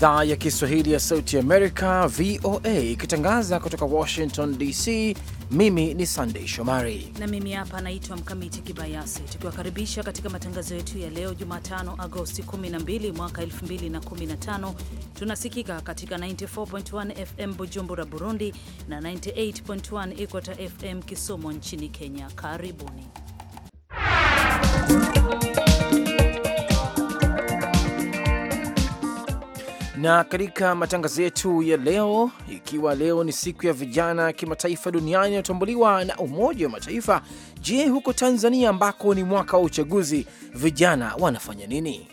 idhaa ya Kiswahili ya Sauti Amerika, VOA, ikitangaza kutoka Washington DC. Mimi ni Sandei Shomari na mimi hapa naitwa Mkamiti Kibayasi, tukiwakaribisha katika matangazo yetu ya leo Jumatano, Agosti 12 mwaka 2015. Tunasikika katika 94.1 FM Bujumbura, Burundi na 98.1 Ikweta FM Kisumu nchini Kenya. Karibuni Na katika matangazo yetu ya leo, ikiwa leo ni siku ya vijana ya kimataifa duniani inayotambuliwa na Umoja wa Mataifa, je, huko Tanzania ambako ni mwaka wa uchaguzi, vijana wanafanya nini?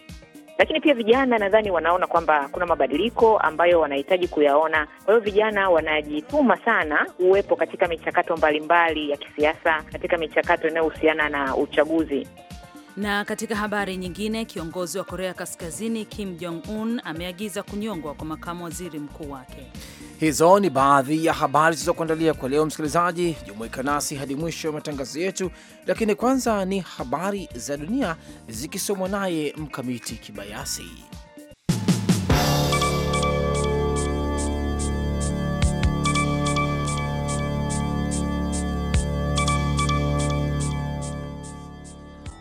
Lakini pia vijana nadhani wanaona kwamba kuna mabadiliko ambayo wanahitaji kuyaona. Kwa hiyo vijana wanajituma sana uwepo katika michakato mbalimbali ya kisiasa, katika michakato inayohusiana na uchaguzi. Na katika habari nyingine, kiongozi wa Korea Kaskazini Kim Jong Un ameagiza kunyongwa kwa makamu waziri mkuu wake. Hizo ni baadhi ya habari zilizokuandalia kwa leo. Msikilizaji, jumuika nasi hadi mwisho wa matangazo yetu, lakini kwanza ni habari za dunia zikisomwa naye Mkamiti Kibayasi.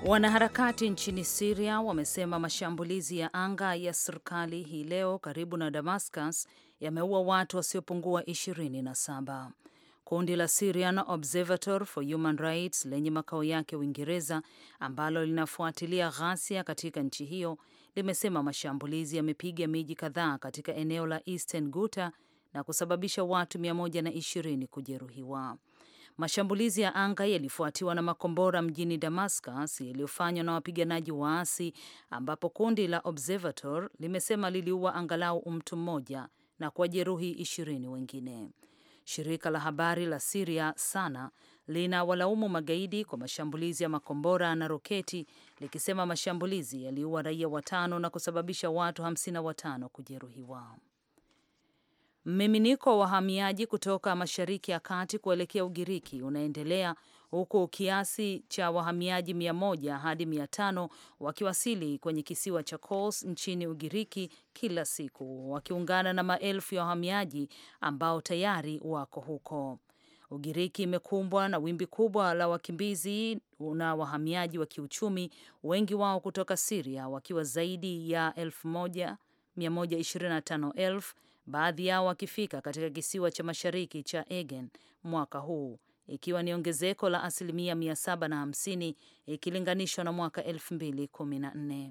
Wanaharakati nchini Siria wamesema mashambulizi ya anga ya serikali hii leo karibu na Damascus yameua watu wasiopungua 27. Kundi la Syrian Observatory for Human Rights lenye makao yake Uingereza, ambalo linafuatilia ghasia katika nchi hiyo, limesema mashambulizi yamepiga miji kadhaa katika eneo la Eastern Ghouta na kusababisha watu 120 kujeruhiwa. Mashambulizi ya anga yalifuatiwa na makombora mjini Damascus yaliyofanywa na wapiganaji waasi, ambapo kundi la Observator limesema liliua angalau mtu mmoja na kuwajeruhi ishirini wengine. Shirika la habari la Siria Sana lina walaumu magaidi kwa mashambulizi ya makombora na roketi likisema mashambulizi yaliua raia watano na kusababisha watu hamsini na watano kujeruhiwa. Mmiminiko wa wahamiaji kutoka Mashariki ya Kati kuelekea Ugiriki unaendelea huku kiasi cha wahamiaji mia moja hadi mia tano wakiwasili kwenye kisiwa cha Kos nchini Ugiriki kila siku wakiungana na maelfu ya wahamiaji ambao tayari wako huko. Ugiriki imekumbwa na wimbi kubwa la wakimbizi na wahamiaji wa kiuchumi, wengi wao kutoka Siria, wakiwa zaidi ya 125,000 baadhi yao wakifika katika kisiwa cha mashariki cha Egen mwaka huu ikiwa ni ongezeko la asilimia 750 ikilinganishwa na mwaka 2014.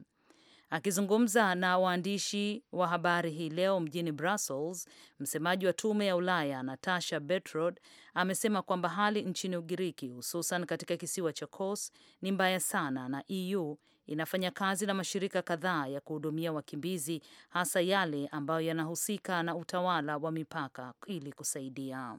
Akizungumza na waandishi wa habari hii leo mjini Brussels, msemaji wa tume ya Ulaya Natasha Betrod amesema kwamba hali nchini Ugiriki, hususan katika kisiwa cha Kos, ni mbaya sana na EU inafanya kazi na mashirika kadhaa ya kuhudumia wakimbizi, hasa yale ambayo yanahusika na utawala wa mipaka ili kusaidia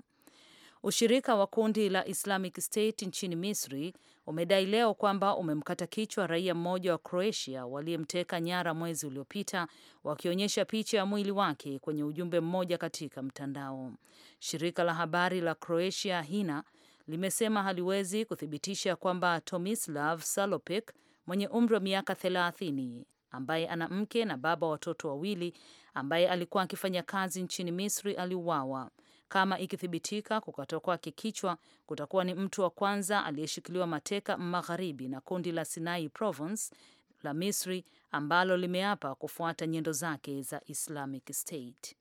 Ushirika wa kundi la Islamic State nchini Misri umedai leo kwamba umemkata kichwa raia mmoja wa Croatia waliyemteka nyara mwezi uliopita, wakionyesha picha ya mwili wake kwenye ujumbe mmoja katika mtandao. Shirika la habari la Croatia HINA limesema haliwezi kuthibitisha kwamba Tomislav Salopek mwenye umri wa miaka thelathini ambaye ana mke na baba watoto wawili ambaye alikuwa akifanya kazi nchini Misri aliuawa. Kama ikithibitika kukatwa kwake kichwa, kutakuwa ni mtu wa kwanza aliyeshikiliwa mateka magharibi na kundi la Sinai Province la Misri ambalo limeapa kufuata nyendo zake za Islamic State.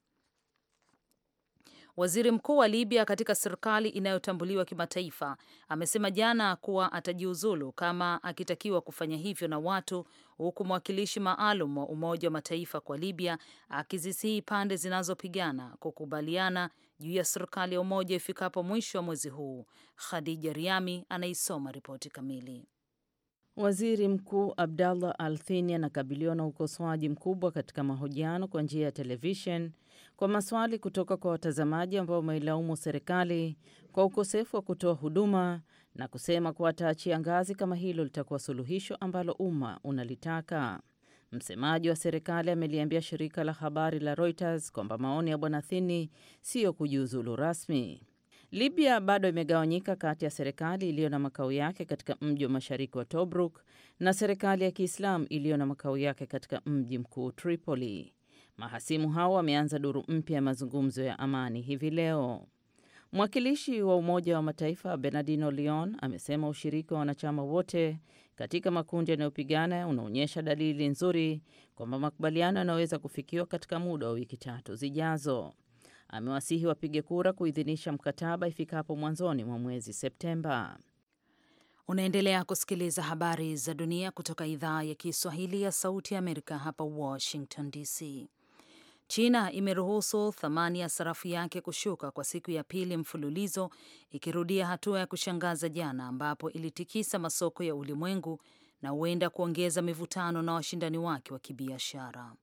Waziri mkuu wa Libya katika serikali inayotambuliwa kimataifa amesema jana kuwa atajiuzulu kama akitakiwa kufanya hivyo na watu, huku mwakilishi maalum wa Umoja wa Mataifa kwa Libya akizisihi pande zinazopigana kukubaliana juu ya serikali ya umoja ifikapo mwisho wa mwezi huu. Khadija Riami anaisoma ripoti kamili. Waziri Mkuu Abdallah al anakabiliwa na ukosoaji mkubwa katika mahojiano kwa njia ya televishen kwa maswali kutoka kwa watazamaji ambao wameilaumu serikali kwa ukosefu wa kutoa huduma na kusema kuwa ataachia ngazi kama hilo litakuwa suluhisho ambalo umma unalitaka. Msemaji wa serikali ameliambia shirika la habari la Reuters kwamba maoni ya bwana Thini siyo kujiuzulu rasmi. Libya bado imegawanyika kati ya serikali iliyo na makao yake katika mji wa mashariki wa Tobruk na serikali ya Kiislamu iliyo na makao yake katika mji mkuu Tripoli. Mahasimu hao wameanza duru mpya ya mazungumzo ya amani hivi leo. Mwakilishi wa Umoja wa Mataifa Bernardino Leon amesema ushiriki wa wanachama wote katika makundi yanayopigana unaonyesha dalili nzuri kwamba makubaliano yanaweza kufikiwa katika muda wa wiki tatu zijazo amewasihi wapige kura kuidhinisha mkataba ifikapo mwanzoni mwa mwezi Septemba. Unaendelea kusikiliza habari za dunia kutoka idhaa ya Kiswahili ya Sauti ya Amerika, hapa Washington DC. China imeruhusu thamani ya sarafu yake kushuka kwa siku ya pili mfululizo, ikirudia hatua ya kushangaza jana, ambapo ilitikisa masoko ya ulimwengu na huenda kuongeza mivutano na washindani wake wa kibiashara.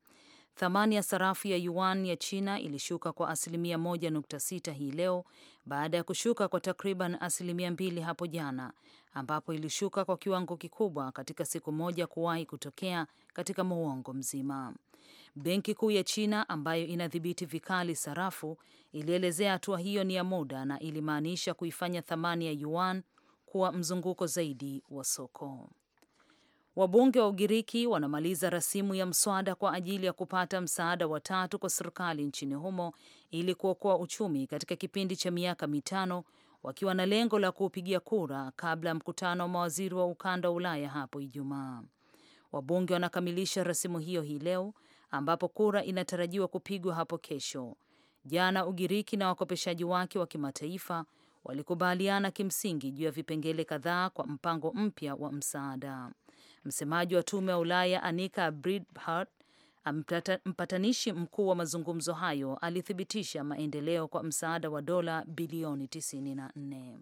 Thamani ya sarafu ya yuan ya China ilishuka kwa asilimia 1.6 hii leo baada ya kushuka kwa takriban asilimia mbili hapo jana, ambapo ilishuka kwa kiwango kikubwa katika siku moja kuwahi kutokea katika muongo mzima. Benki Kuu ya China ambayo inadhibiti vikali sarafu ilielezea hatua hiyo ni ya muda na ilimaanisha kuifanya thamani ya yuan kuwa mzunguko zaidi wa soko. Wabunge wa Ugiriki wanamaliza rasimu ya mswada kwa ajili ya kupata msaada wa tatu kwa serikali nchini humo ili kuokoa uchumi katika kipindi cha miaka mitano, wakiwa na lengo la kuupigia kura kabla ya mkutano wa mawaziri wa ukanda wa Ulaya hapo Ijumaa. Wabunge wanakamilisha rasimu hiyo hii leo ambapo kura inatarajiwa kupigwa hapo kesho. Jana Ugiriki na wakopeshaji wake wa kimataifa walikubaliana kimsingi juu ya vipengele kadhaa kwa mpango mpya wa msaada. Msemaji wa tume ya Ulaya Anika Bridbart mpatanishi mkuu wa mazungumzo hayo alithibitisha maendeleo kwa msaada wa dola bilioni 94.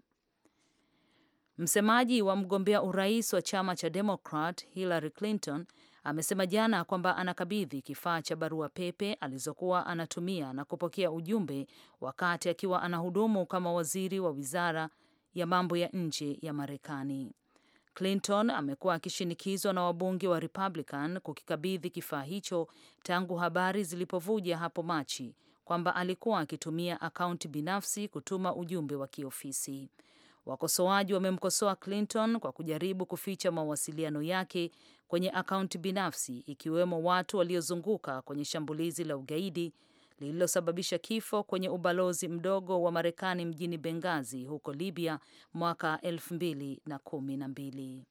Msemaji wa mgombea urais wa chama cha demokrat Hillary Clinton amesema jana kwamba anakabidhi kifaa cha barua pepe alizokuwa anatumia na kupokea ujumbe wakati akiwa anahudumu kama waziri wa wizara ya mambo ya nje ya Marekani. Clinton amekuwa akishinikizwa na wabunge wa Republican kukikabidhi kifaa hicho tangu habari zilipovuja hapo Machi kwamba alikuwa akitumia akaunti binafsi kutuma ujumbe wa kiofisi. Wakosoaji wamemkosoa Clinton kwa kujaribu kuficha mawasiliano yake kwenye akaunti binafsi, ikiwemo watu waliozunguka kwenye shambulizi la ugaidi lililosababisha kifo kwenye ubalozi mdogo wa Marekani mjini bengazi huko Libya mwaka 212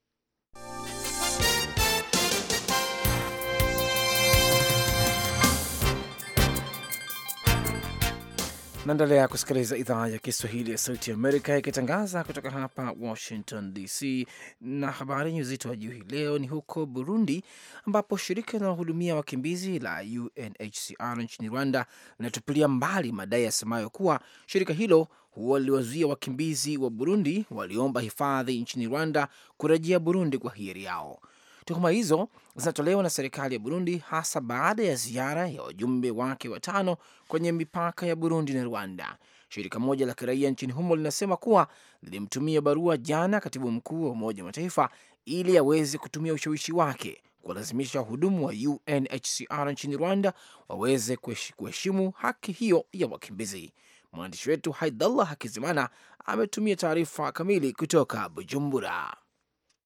Naendelea kusikiliza idhaa ya Kiswahili ya Sauti ya Amerika ikitangaza kutoka hapa Washington DC. Na habari yenye uzito wa juu hii leo ni huko Burundi, ambapo shirika linalohudumia wakimbizi la UNHCR nchini Rwanda linatupilia mbali madai yasemayo kuwa shirika hilo huwa liliwazuia wakimbizi wa Burundi walioomba hifadhi nchini Rwanda kurejea Burundi kwa hiari yao. Tuhuma hizo zinatolewa na serikali ya Burundi hasa baada ya ziara ya wajumbe wake watano kwenye mipaka ya Burundi na Rwanda. Shirika moja la kiraia nchini humo linasema kuwa lilimtumia barua jana katibu mkuu wa Umoja wa Mataifa ili aweze kutumia ushawishi wake kuwalazimisha wahudumu wa UNHCR nchini Rwanda waweze kuheshimu haki hiyo ya wakimbizi. Mwandishi wetu Haidallah Hakizimana ametumia taarifa kamili kutoka Bujumbura.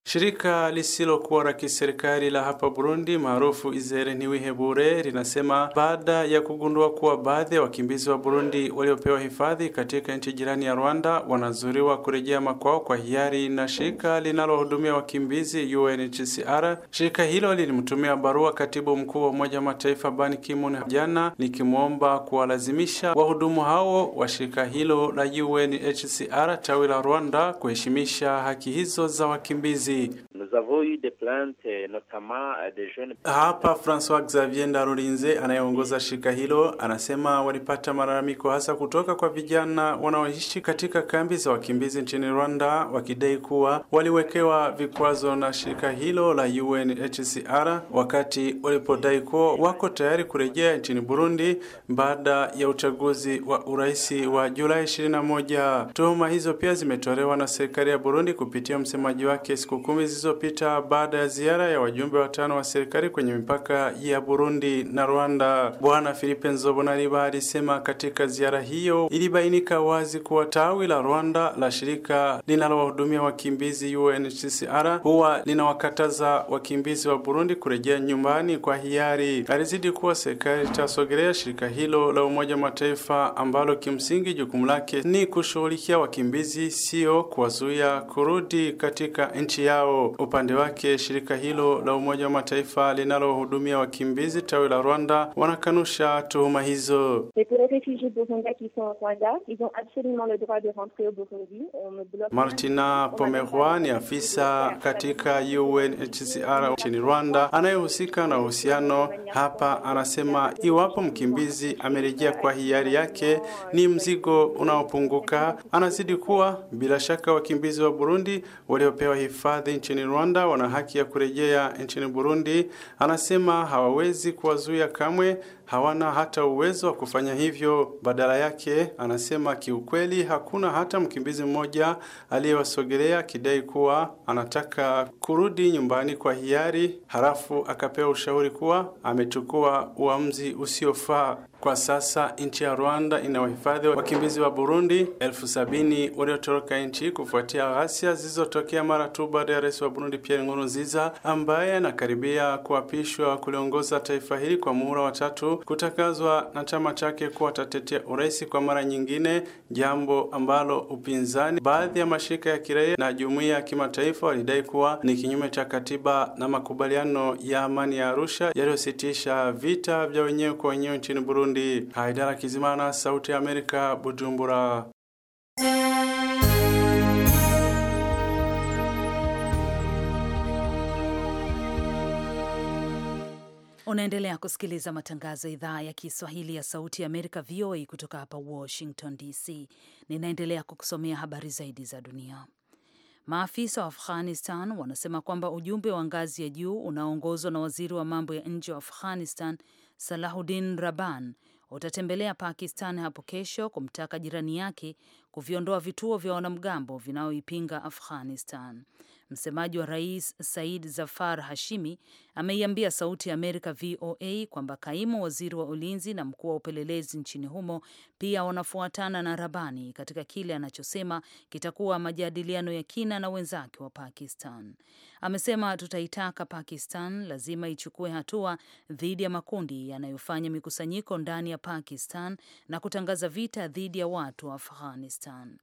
Shirika lisilokuwa la kiserikali la hapa Burundi maarufu Izere Ntiwihebure linasema baada ya kugundua kuwa baadhi ya wakimbizi wa Burundi waliopewa hifadhi katika nchi jirani ya Rwanda wanazuriwa kurejea makwao kwa hiari na shirika linalohudumia wakimbizi UNHCR. Shirika hilo lilimtumia barua katibu mkuu wa Umoja wa Mataifa Ban Ki-moon jana likimwomba kuwalazimisha wahudumu hao wa shirika hilo la UNHCR tawi la Rwanda kuheshimisha haki hizo za wakimbizi. the Euh, euh, Hapa Francois Xavier Ndarulinze anayeongoza shirika hilo anasema walipata malalamiko hasa kutoka kwa vijana wanaoishi katika kambi za wakimbizi nchini Rwanda, wakidai kuwa waliwekewa vikwazo na shirika hilo la UNHCR wakati walipodai kuwa wako tayari kurejea nchini Burundi baada ya uchaguzi wa urais wa Julai 21. Tuhuma hizo pia zimetolewa na serikali ya Burundi kupitia msemaji wake siku kumi zilizopita uliopita baada ya ziara ya wajumbe watano wa serikali kwenye mipaka ya Burundi na Rwanda. Bwana Philippe Nzobonariba alisema katika ziara hiyo ilibainika wazi kuwa tawi la Rwanda la shirika linalowahudumia wakimbizi UNHCR huwa linawakataza wakimbizi wa Burundi kurejea nyumbani kwa hiari. Alizidi kuwa serikali itasogelea shirika hilo la Umoja Mataifa ambalo kimsingi jukumu lake ni kushughulikia wakimbizi, sio kuwazuia kurudi katika nchi yao upande wake, shirika hilo la Umoja wa Mataifa linalohudumia wakimbizi tawi la Rwanda wanakanusha tuhuma hizo. Martina Pomerwa ni afisa katika UNHCR nchini Rwanda anayehusika na uhusiano hapa, anasema iwapo mkimbizi amerejea kwa hiari yake ni mzigo unaopunguka. Anazidi kuwa bila shaka wakimbizi wa Burundi waliopewa hifadhi nchini Rwanda Rwanda wana haki ya kurejea nchini Burundi, anasema hawawezi kuwazuia kamwe hawana hata uwezo wa kufanya hivyo. Badala yake, anasema kiukweli, hakuna hata mkimbizi mmoja aliyewasogelea akidai kuwa anataka kurudi nyumbani kwa hiari, halafu akapewa ushauri kuwa amechukua uamuzi usiofaa. Kwa sasa nchi ya Rwanda inawahifadhi wakimbizi wa Burundi elfu sabini waliotoroka nchi kufuatia ghasia zilizotokea mara tu baada ya rais wa Burundi Pierre Nkurunziza ambaye anakaribia kuapishwa kuliongoza taifa hili kwa muhula wa tatu kutangazwa kutakazwa na chama chake kuwa tatetea urais kwa mara nyingine, jambo ambalo upinzani, baadhi ya mashirika ya kiraia na jumuiya ya kimataifa walidai kuwa ni kinyume cha katiba na makubaliano ya amani ya Arusha yaliyositisha vita vya wenyewe kwa wenyewe nchini Burundi. Haidara Kizimana, Sauti ya Amerika, Bujumbura. Unaendelea kusikiliza matangazo ya idhaa ya Kiswahili ya Sauti ya Amerika, VOA, kutoka hapa Washington DC. Ninaendelea kukusomea habari zaidi za dunia. Maafisa wa Afghanistan wanasema kwamba ujumbe wa ngazi ya juu unaoongozwa na waziri wa mambo ya nje wa Afghanistan, Salahuddin Raban, utatembelea Pakistan hapo kesho kumtaka jirani yake kuviondoa vituo vya wanamgambo vinaoipinga Afghanistan. Msemaji wa rais Said Zafar Hashimi ameiambia Sauti ya Amerika VOA kwamba kaimu waziri wa ulinzi na mkuu wa upelelezi nchini humo pia wanafuatana na Rabani katika kile anachosema kitakuwa majadiliano ya kina na wenzake wa Pakistan. Amesema, tutaitaka Pakistan lazima ichukue hatua dhidi ya makundi yanayofanya mikusanyiko ndani ya Pakistan na kutangaza vita dhidi ya watu wa Afghanistan.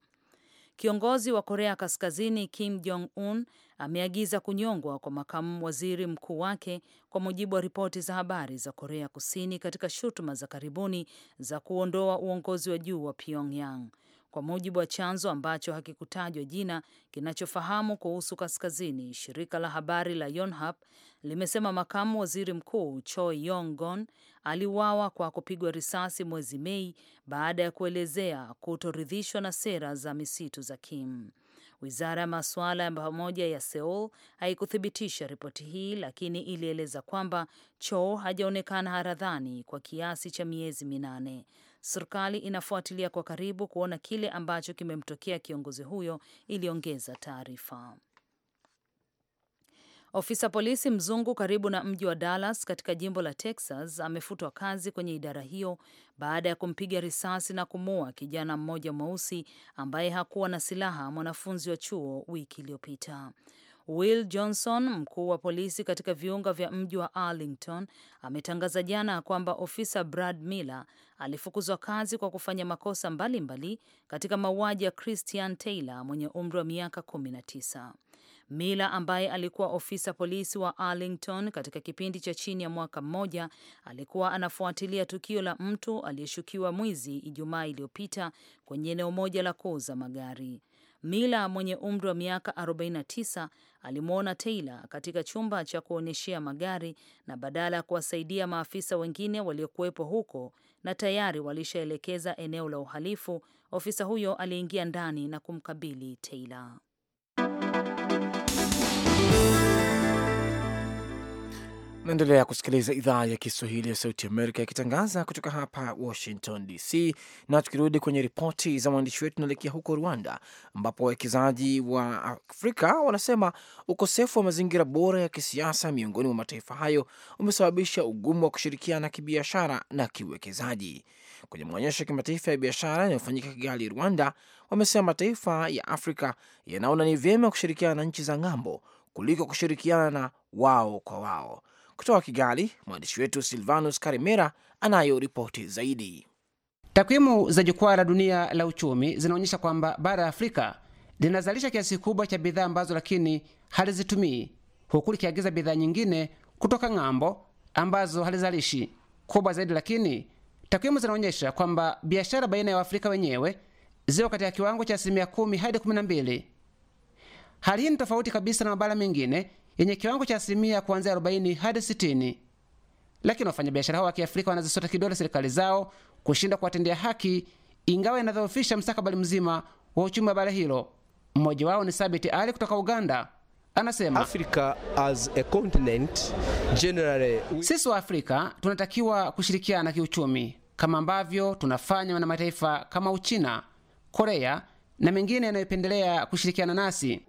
Kiongozi wa Korea Kaskazini Kim Jong Un ameagiza kunyongwa kwa makamu waziri mkuu wake kwa mujibu wa ripoti za habari za Korea Kusini katika shutuma za karibuni za kuondoa uongozi wa juu wa Pyongyang kwa mujibu wa chanzo ambacho hakikutajwa jina kinachofahamu kuhusu kaskazini. Shirika la habari la Yonhap limesema makamu waziri mkuu Choi Yong-gon aliuawa kwa kupigwa risasi mwezi Mei baada ya kuelezea kutoridhishwa na sera za misitu za Kim. Wizara ya masuala ya pamoja ya Seoul haikuthibitisha ripoti hii, lakini ilieleza kwamba Cho hajaonekana haradhani kwa kiasi cha miezi minane serikali inafuatilia kwa karibu kuona kile ambacho kimemtokea kiongozi huyo, iliongeza taarifa. Ofisa polisi mzungu karibu na mji wa Dallas katika jimbo la Texas amefutwa kazi kwenye idara hiyo baada ya kumpiga risasi na kumuua kijana mmoja mweusi ambaye hakuwa na silaha, mwanafunzi wa chuo wiki iliyopita. Will Johnson, mkuu wa polisi katika viunga vya mji wa Arlington, ametangaza jana kwamba ofisa Brad Miller alifukuzwa kazi kwa kufanya makosa mbalimbali mbali katika mauaji ya Christian Taylor mwenye umri wa miaka 19. Mila ambaye alikuwa ofisa polisi wa Arlington katika kipindi cha chini ya mwaka mmoja alikuwa anafuatilia tukio la mtu aliyeshukiwa mwizi Ijumaa iliyopita kwenye eneo moja la kuuza magari. Mila mwenye umri wa miaka 49 alimwona Taylor katika chumba cha kuonyeshea magari na badala ya kuwasaidia maafisa wengine waliokuwepo huko na tayari walishaelekeza eneo la uhalifu, ofisa huyo aliingia ndani na kumkabili Taylor. Naendelea kusikiliza idhaa ya Kiswahili ya Sauti Amerika ikitangaza kutoka hapa Washington DC. Na tukirudi kwenye ripoti za mwandishi wetu, tunaelekea huko Rwanda ambapo wawekezaji wa Afrika wanasema ukosefu wa mazingira bora ya kisiasa miongoni mwa mataifa hayo umesababisha ugumu wa kushirikiana kibiashara na kiuwekezaji. Kwenye maonyesho ya kimataifa ya biashara yanayofanyika Kigali, Rwanda, wamesema mataifa ya Afrika yanaona ni vyema kushirikiana na nchi za ng'ambo kuliko kushirikiana wao kwa wao. Kutoka Kigali, mwandishi wetu Silvanus Karimera anayo ripoti zaidi. Takwimu za jukwaa la dunia la uchumi zinaonyesha kwamba bara ya Afrika linazalisha kiasi kubwa cha bidhaa ambazo lakini halizitumii huku likiagiza bidhaa nyingine kutoka ng'ambo ambazo halizalishi. Kubwa zaidi lakini, takwimu zinaonyesha kwamba biashara baina ya Waafrika wenyewe ziko katika kiwango cha asilimia kumi hadi 12. Hali hii ni tofauti kabisa na mabara mengine yenye kiwango cha asilimia kuanzia 40 hadi 60. Lakini wafanyabiashara hao wa Kiafrika wanazisota kidole serikali zao kushindwa kuwatendea haki, ingawa inadhoofisha mstakabali mzima wa uchumi wa bara hilo. Mmoja wao ni Sabiti Ali kutoka Uganda. Anasema Africa as a continent, generally... sisi wa Afrika tunatakiwa kushirikiana kiuchumi kama ambavyo tunafanya na mataifa kama Uchina, Korea na mengine yanayopendelea kushirikiana nasi.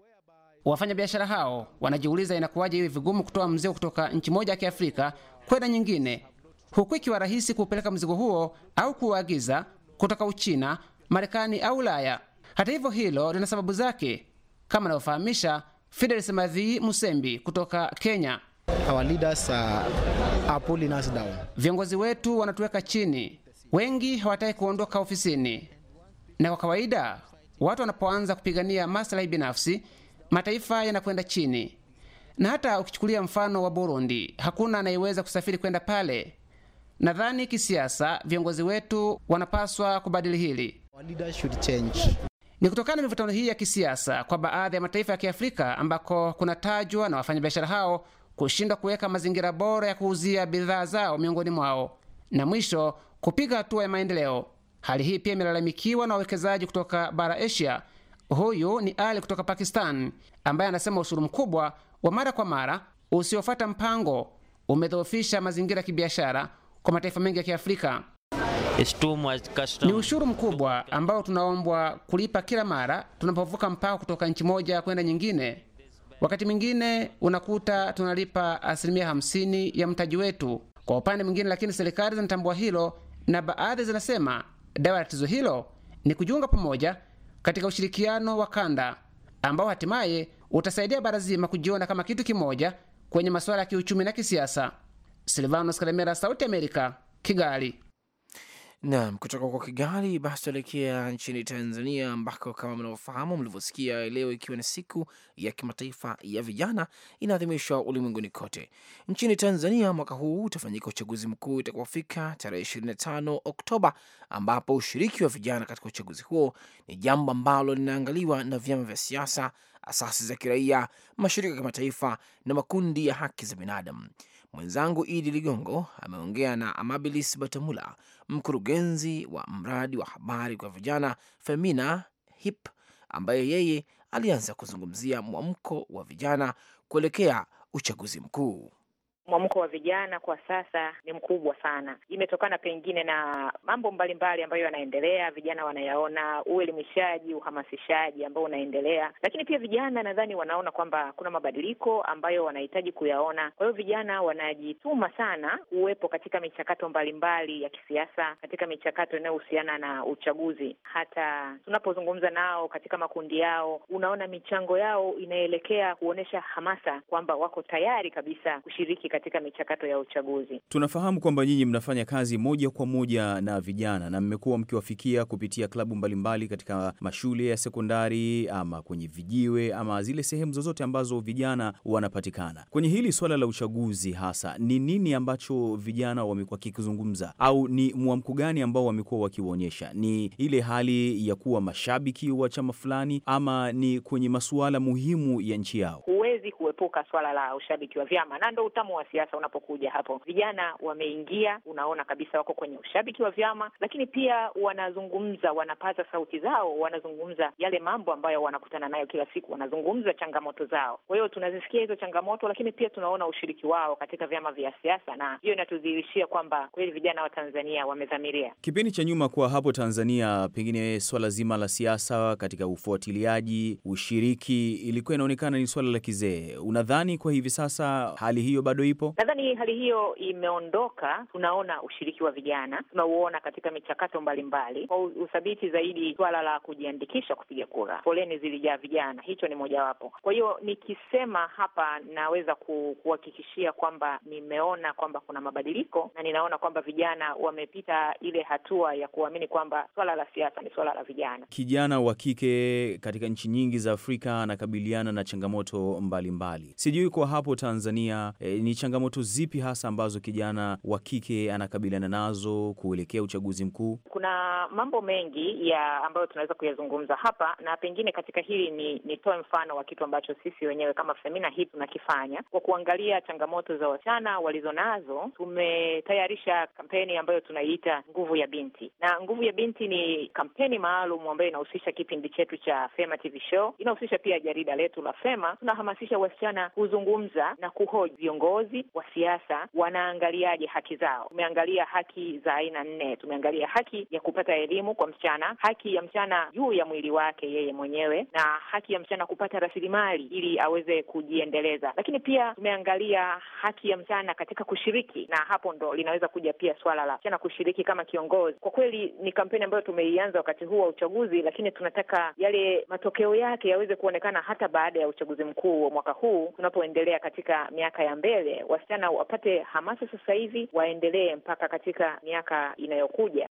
Wafanyabiashara hao wanajiuliza inakuwaje iwe vigumu kutoa mzigo kutoka nchi moja ya Kiafrika kwenda nyingine, huku ikiwa rahisi kuupeleka mzigo huo au kuuagiza kutoka Uchina, Marekani au Ulaya. Hata hivyo, hilo lina sababu zake, kama anavyofahamisha Fidelis Madhi Musembi kutoka Kenya. Our leaders are pulling us down. Viongozi wetu wanatuweka chini, wengi hawataki kuondoka ofisini, na kwa kawaida watu wanapoanza kupigania maslahi binafsi mataifa yanakwenda chini, na hata ukichukulia mfano wa Burundi, hakuna anayeweza kusafiri kwenda pale. Nadhani kisiasa viongozi wetu wanapaswa kubadili hili. Ni kutokana na mivutano hii ya kisiasa kwa baadhi ya mataifa ya Kiafrika ambako kunatajwa na wafanyabiashara hao kushindwa kuweka mazingira bora ya kuuzia bidhaa zao miongoni mwao, na mwisho kupiga hatua ya maendeleo. Hali hii pia imelalamikiwa na wawekezaji kutoka bara Asia Huyu ni Ali kutoka Pakistan ambaye anasema ushuru mkubwa wa mara kwa mara usiofata mpango umedhoofisha mazingira ya kibiashara kwa mataifa mengi ya Kiafrika. Ni ushuru mkubwa ambao tunaombwa kulipa kila mara tunapovuka mpaka kutoka nchi moja kwenda nyingine. Wakati mwingine unakuta tunalipa asilimia hamsini ya mtaji wetu kwa upande mwingine, lakini serikali zinatambua hilo na baadhi zinasema dawa ya tatizo hilo ni kujiunga pamoja katika ushirikiano wa kanda ambao hatimaye utasaidia bara zima kujiona kama kitu kimoja kwenye masuala ya kiuchumi na kisiasa. Silvanos Karemera, Sauti Amerika, Kigali. Naam, kutoka kwa Kigali basi tuelekea nchini Tanzania ambako kama mnavyofahamu mlivyosikia, leo ikiwa ni siku ya kimataifa ya vijana inaadhimishwa ulimwenguni kote. Nchini Tanzania mwaka huu utafanyika uchaguzi mkuu utakaofika tarehe 25 Oktoba, ambapo ushiriki wa vijana katika uchaguzi huo ni jambo ambalo linaangaliwa na vyama vya siasa, asasi za kiraia, mashirika ya kimataifa na makundi ya haki za binadamu. Mwenzangu Idi Ligongo ameongea na Amabilis Batamula, mkurugenzi wa mradi wa habari kwa vijana Femina HIP, ambaye yeye alianza kuzungumzia mwamko wa vijana kuelekea uchaguzi mkuu. Mwamko wa vijana kwa sasa ni mkubwa sana, imetokana pengine na mambo mbalimbali ambayo yanaendelea, vijana wanayaona, uelimishaji, uhamasishaji ambao unaendelea, lakini pia vijana nadhani wanaona kwamba kuna mabadiliko ambayo wanahitaji kuyaona. Kwa hiyo vijana wanajituma sana kuwepo katika michakato mbalimbali ya kisiasa, katika michakato inayohusiana na uchaguzi. Hata tunapozungumza nao katika makundi yao, unaona michango yao inaelekea kuonyesha hamasa kwamba wako tayari kabisa kushiriki katika michakato ya uchaguzi. Tunafahamu kwamba nyinyi mnafanya kazi moja kwa moja na vijana na mmekuwa mkiwafikia kupitia klabu mbalimbali katika mashule ya sekondari ama kwenye vijiwe ama zile sehemu zozote ambazo vijana wanapatikana. Kwenye hili swala la uchaguzi, hasa ni nini ambacho vijana wamekuwa kikizungumza, au ni mwamko gani ambao wamekuwa wakiuonyesha? Ni ile hali ya kuwa mashabiki wa chama fulani, ama ni kwenye masuala muhimu ya nchi yao? Huwezi kuepuka swala la ushabiki wa vyama na ndo utamu wa siasa unapokuja hapo. Vijana wameingia, unaona kabisa wako kwenye ushabiki wa vyama, lakini pia wanazungumza, wanapaza sauti zao, wanazungumza yale mambo ambayo wanakutana nayo kila siku, wanazungumza changamoto zao. Kwa hiyo tunazisikia hizo changamoto, lakini pia tunaona ushiriki wao katika vyama vya siasa, na hiyo inatudhihirishia kwamba kweli vijana wa Tanzania wamedhamiria. Kipindi cha nyuma kwa hapo Tanzania, pengine swala zima la siasa katika ufuatiliaji, ushiriki, ilikuwa inaonekana ni swala la kizee. Unadhani kwa hivi sasa hali hiyo bado ulipo? Nadhani hali hiyo imeondoka. Tunaona ushiriki wa vijana tunauona katika michakato mbalimbali kwa uthabiti zaidi. Suala la kujiandikisha kupiga kura, foleni zilijaa vijana, hicho ni mojawapo. Kwa hiyo nikisema hapa, naweza kuhakikishia kwamba nimeona kwamba kuna mabadiliko na ninaona kwamba vijana wamepita ile hatua ya kuamini kwamba swala la siasa ni swala la vijana. Kijana wa kike katika nchi nyingi za Afrika anakabiliana na changamoto mbalimbali mbali. Sijui kwa hapo Tanzania eh, ni changamoto zipi hasa ambazo kijana wa kike anakabiliana nazo kuelekea uchaguzi mkuu? Kuna mambo mengi ya ambayo tunaweza kuyazungumza hapa, na pengine katika hili ni nitoe mfano wa kitu ambacho sisi wenyewe kama Femina hii tunakifanya kwa kuangalia changamoto za wasichana walizonazo. Tumetayarisha kampeni ambayo tunaiita nguvu ya binti, na nguvu ya binti ni kampeni maalum ambayo inahusisha kipindi chetu cha Fema TV Show, inahusisha pia jarida letu la Fema. Tunahamasisha wasichana kuzungumza na kuhoji viongozi viongozi wa siasa wanaangaliaje haki zao. Tumeangalia haki za aina nne. Tumeangalia haki ya kupata elimu kwa msichana, haki ya msichana juu ya mwili wake yeye mwenyewe, na haki ya msichana kupata rasilimali ili aweze kujiendeleza. Lakini pia tumeangalia haki ya msichana katika kushiriki, na hapo ndo linaweza kuja pia swala la msichana kushiriki kama kiongozi. Kwa kweli ni kampeni ambayo tumeianza wakati huu wa uchaguzi, lakini tunataka yale matokeo yake yaweze kuonekana hata baada ya uchaguzi mkuu wa mwaka huu tunapoendelea katika miaka ya mbele Wasichana wapate hamasa sasa hivi, waendelee mpaka katika miaka inayokuja.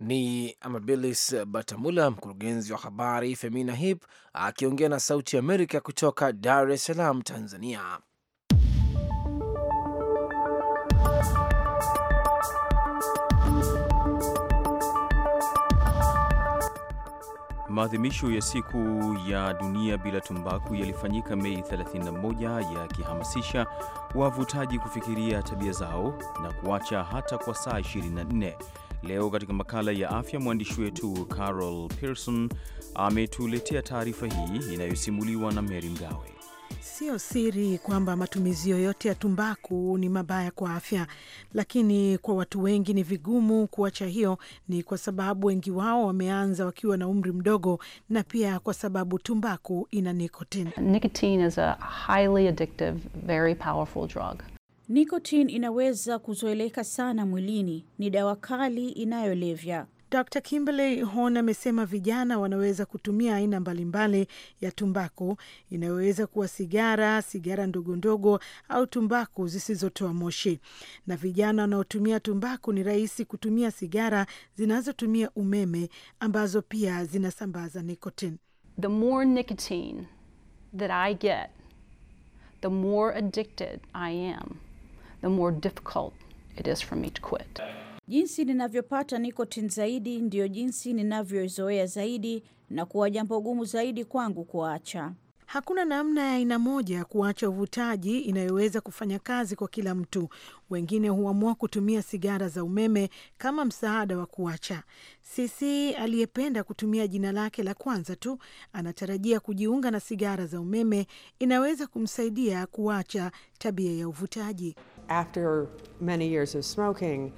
Ni Amabilis Batamula, mkurugenzi wa habari Femina Hip, akiongea na Sauti Amerika kutoka Dar es Salaam, Tanzania. Maadhimisho ya siku ya dunia bila tumbaku yalifanyika Mei 31 yakihamasisha wavutaji kufikiria tabia zao na kuacha hata kwa saa 24. Leo katika makala ya afya, mwandishi wetu Carol Pearson ametuletea taarifa hii inayosimuliwa na Mary Mgawe. Sio siri kwamba matumizi yoyote ya tumbaku ni mabaya kwa afya, lakini kwa watu wengi ni vigumu kuacha. Hiyo ni kwa sababu wengi wao wameanza wakiwa na umri mdogo, na pia kwa sababu tumbaku ina nikotini. Nicotine is a highly addictive, very powerful drug. Nikotini inaweza kuzoeleka sana mwilini, ni dawa kali inayolevya. Dr kimberly Horn amesema vijana wanaweza kutumia aina mbalimbali ya tumbaku inayoweza kuwa sigara, sigara ndogondogo au tumbaku zisizotoa moshi, na vijana wanaotumia tumbaku ni rahisi kutumia sigara zinazotumia umeme ambazo pia zinasambaza nikotini. The more nicotine that I get, the more addicted I am, the more difficult it is for me to quit. Jinsi ninavyopata nikotini zaidi ndiyo jinsi ninavyoizoea zaidi na kuwa jambo gumu zaidi kwangu kuacha. Hakuna namna ya aina moja ya kuacha uvutaji inayoweza kufanya kazi kwa kila mtu. Wengine huamua kutumia sigara za umeme kama msaada wa kuacha. Sisi aliyependa kutumia jina lake la kwanza tu anatarajia kujiunga na sigara za umeme inaweza kumsaidia kuacha tabia ya uvutaji. After many years of smoking,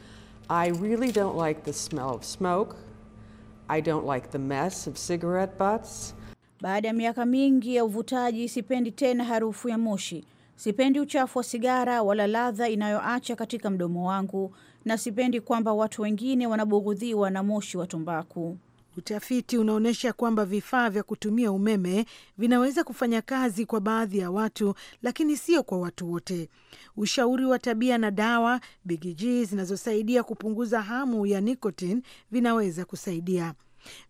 I really don't like the smell of smoke. I don't like the mess of cigarette butts. Baada ya miaka mingi ya uvutaji, sipendi tena harufu ya moshi. Sipendi uchafu wa sigara wala ladha inayoacha katika mdomo wangu, na sipendi kwamba watu wengine wanabugudhiwa na moshi wa tumbaku. Utafiti unaonyesha kwamba vifaa vya kutumia umeme vinaweza kufanya kazi kwa baadhi ya watu, lakini sio kwa watu wote. Ushauri wa tabia na dawa, bigijii zinazosaidia kupunguza hamu ya nikotini vinaweza kusaidia.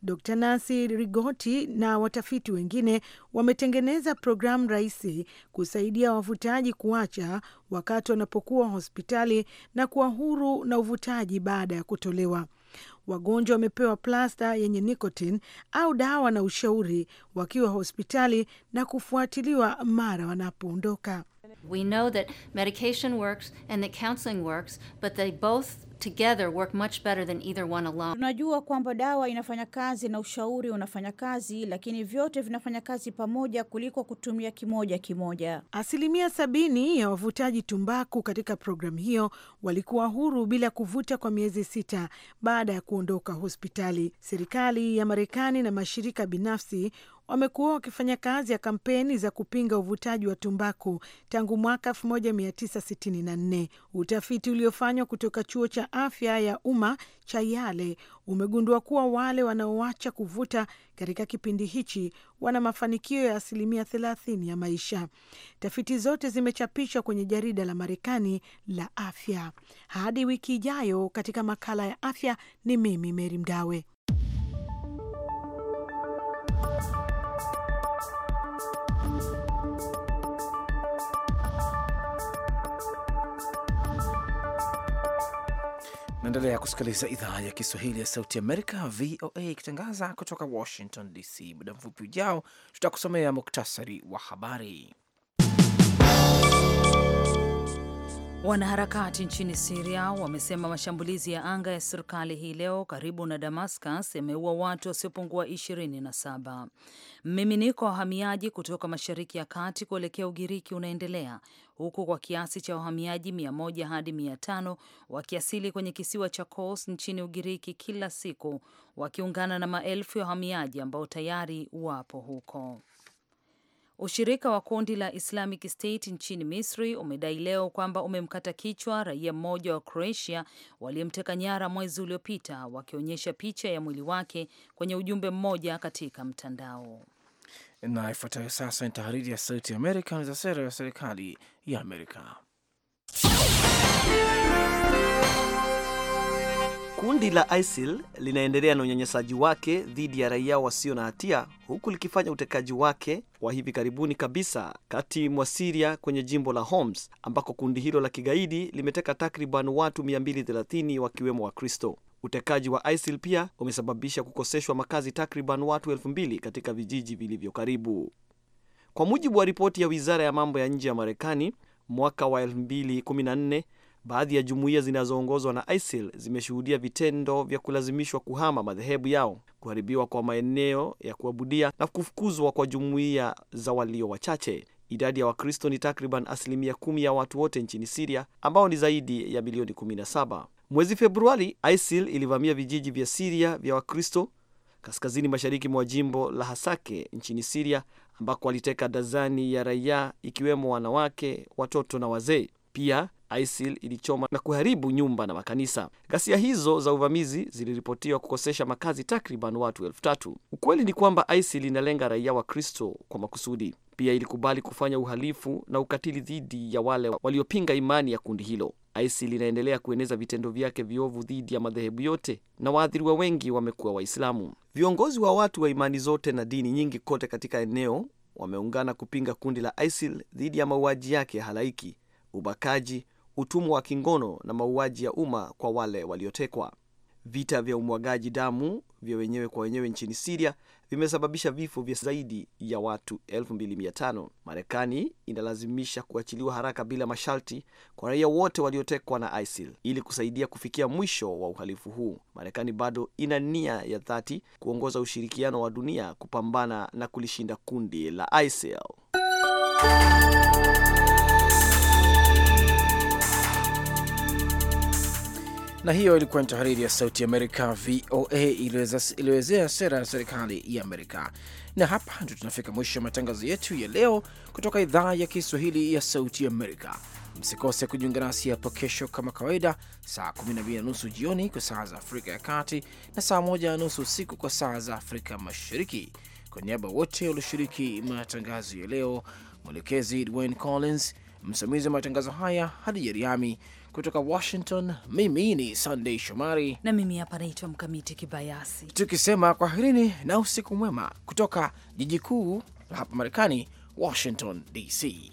Dr Nancy Rigoti na watafiti wengine wametengeneza programu rahisi kusaidia wavutaji kuacha wakati wanapokuwa hospitali na kuwa huru na uvutaji baada ya kutolewa. Wagonjwa wamepewa plasta yenye nikotin au dawa na ushauri wakiwa hospitali na kufuatiliwa mara wanapoondoka. We know that medication works and that counseling works, but they both together work much better than either one alone. Tunajua kwamba dawa inafanya kazi na ushauri unafanya kazi, lakini vyote vinafanya kazi pamoja kuliko kutumia kimoja kimoja. Asilimia sabini ya wavutaji tumbaku katika programu hiyo walikuwa huru bila kuvuta kwa miezi sita baada ya kuondoka hospitali. Serikali ya Marekani na mashirika binafsi wamekuwa wakifanya kazi ya kampeni za kupinga uvutaji wa tumbaku tangu mwaka 1964. Utafiti uliofanywa kutoka chuo cha afya ya umma cha Yale umegundua kuwa wale wanaoacha kuvuta katika kipindi hichi wana mafanikio ya asilimia 30 ya maisha. Tafiti zote zimechapishwa kwenye jarida la Marekani la afya. Hadi wiki ijayo katika makala ya afya, ni mimi Meri Mgawe. Unaendelea kusikiliza idhaa ya Kiswahili ya Sauti Amerika, VOA, ikitangaza kutoka Washington DC. Muda mfupi ujao, tutakusomea muktasari wa habari. Wanaharakati nchini Siria wamesema mashambulizi ya anga ya serikali hii leo karibu na Damascus yameua watu wasiopungua ishirini na saba. Mmiminiko wa wahamiaji kutoka Mashariki ya Kati kuelekea Ugiriki unaendelea huku kwa kiasi cha wahamiaji mia moja hadi mia tano wakiasili kwenye kisiwa cha Kos nchini Ugiriki kila siku wakiungana na maelfu ya wahamiaji ambao tayari wapo huko. Ushirika wa kundi la Islamic State nchini Misri umedai leo kwamba umemkata kichwa raia mmoja wa Croatia waliyemteka nyara mwezi uliopita, wakionyesha picha ya mwili wake kwenye ujumbe mmoja katika mtandao. Na ifuatayo sasa ni tahariri ya Sauti ya Amerika na za sera ya serikali ya Amerika. Kundi la ISIL linaendelea na unyanyasaji wake dhidi ya raia wasio na hatia huku likifanya utekaji wake wa hivi karibuni kabisa kati mwa Siria kwenye jimbo la Homs ambako kundi hilo la kigaidi limeteka takriban watu 230 wakiwemo Wakristo. Utekaji wa ISIL pia umesababisha kukoseshwa makazi takriban watu 2000 katika vijiji vilivyo karibu. Kwa mujibu wa ripoti ya Wizara ya Mambo ya Nje ya Marekani mwaka wa 2014 Baadhi ya jumuiya zinazoongozwa na ISIL zimeshuhudia vitendo vya kulazimishwa kuhama madhehebu yao, kuharibiwa kwa maeneo ya kuabudia na kufukuzwa kwa jumuiya za walio wachache. Idadi ya Wakristo ni takriban asilimia kumi ya watu wote nchini Siria, ambao ni zaidi ya milioni 17. Mwezi Februari, ISIL ilivamia vijiji vya Siria vya Wakristo kaskazini mashariki mwa jimbo la Hasake nchini Siria, ambako waliteka dazani ya raia, ikiwemo wanawake, watoto na wazee. Pia ISIL ilichoma na kuharibu nyumba na makanisa. Ghasia hizo za uvamizi ziliripotiwa kukosesha makazi takriban watu elfu tatu. Ukweli ni kwamba ISIL inalenga raia wa Kristo kwa makusudi. Pia ilikubali kufanya uhalifu na ukatili dhidi ya wale waliopinga imani ya kundi hilo. ISIL inaendelea kueneza vitendo vyake viovu dhidi ya madhehebu yote na waathiriwa wengi wamekuwa Waislamu. Viongozi wa watu wa imani zote na dini nyingi kote katika eneo wameungana kupinga kundi la ISIL dhidi ya mauaji yake ya halaiki, ubakaji utumwa wa kingono na mauaji ya umma kwa wale waliotekwa. Vita vya umwagaji damu vya wenyewe kwa wenyewe nchini Siria vimesababisha vifo vya zaidi ya watu 2500. Marekani inalazimisha kuachiliwa haraka bila masharti kwa raia wote waliotekwa na ISIL ili kusaidia kufikia mwisho wa uhalifu huu. Marekani bado ina nia ya dhati kuongoza ushirikiano wa dunia kupambana na kulishinda kundi la ISIL. Na hiyo ilikuwa ni tahariri ya Sauti Amerika VOA iliyoelezea sera ya serikali ya Amerika. Na hapa ndio tunafika mwisho wa matangazo yetu ya leo kutoka idhaa ya Kiswahili ya Sauti Amerika. Msikose kujiunga nasi hapo kesho kama kawaida, saa 12 na nusu jioni kwa saa za Afrika ya Kati na saa 1 na nusu usiku kwa saa za Afrika Mashariki. Kwa niaba wote walioshiriki matangazo ya leo, mwelekezi Dwayne Collins, msimamizi wa matangazo haya hadi Jeriami. Kutoka Washington, mimi ni Sunday Shomari na mimi hapa naitwa Mkamiti Kibayasi, tukisema kwaherini na usiku mwema kutoka jiji kuu la hapa Marekani, Washington DC.